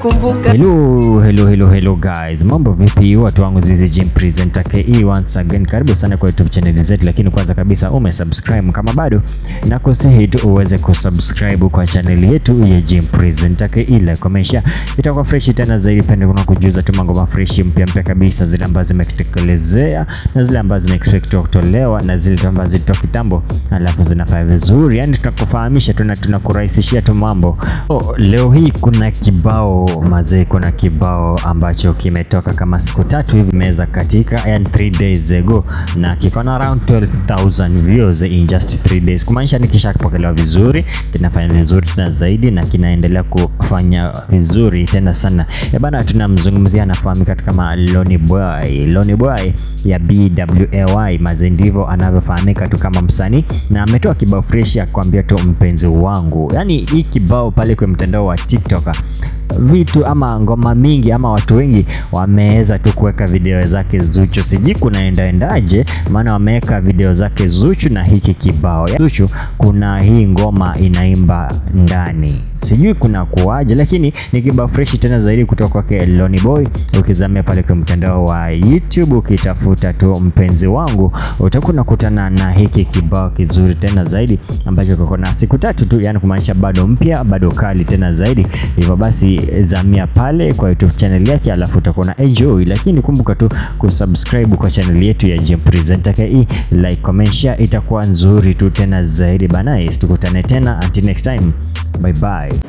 Kumbuka. Hello, hello, hello, hello guys, mambo vipi watu wangu, this is Jim Presenter KE once again, karibu sana kwa YouTube channel zetu, lakini kwanza kabisa umesubscribe kama bado, na kusihi tu uweze kusubscribe kwa channel yetu ya Jim Presenter e, KE, ile komesha itakuwa fresh tena zaidi pende, kuna kujuza tu mambo fresh mpya mpya kabisa, zile ambazo zimetekelezea na zile ambazo zina expect kutolewa na zile ambazo zilitoka kitambo, alafu zinafaa vizuri, yani tunakufahamisha, tuna tunakurahisishia tu mambo. Oh, leo hii kuna kibao mazee, kuna kibao ambacho kimetoka kama siku tatu hivi imeweza katika, yani 3 days ago, na kiko na around 12000 views in just 3 days, kumaanisha nikishapokelewa vizuri, kinafanya vizuri tena zaidi na kinaendelea kufanya vizuri tena sana. E bana, tunamzungumzia anafahamika kama Loni Boy, Loni Boy ya BWAY mazee, ndivyo anavyofahamika tu kama msanii, na ametoa kibao fresh ya kuambia tu mpenzi wangu, yani hii kibao pale kwa mtandao wa TikTok vitu ama ngoma mingi ama watu wengi wameweza tu kuweka video zake Zuchu, sijui kunaendaendaje, maana wameweka video zake Zuchu na hiki kibao Zuchu, kuna hii ngoma inaimba ndani, sijui kuna kuwaje, lakini ni kibao fresh tena zaidi kutoka kwake Loni Boy. Ukizamia pale kwa mtandao wa YouTube ukitafuta tu mpenzi wangu, utakuwa unakutana na hiki kibao kizuri tena zaidi ambacho kiko na siku tatu tu, yani kumaanisha bado mpya, bado kali tena zaidi, hivyo basi Zamia pale kwa YouTube channel yake, alafu utakuwa na enjoy, lakini kumbuka tu kusubscribe kwa channel yetu ya Jim Presenter KE, like, comment, share, itakuwa nzuri tu tena zaidi bana. Tukutane tena until next time, bye bye.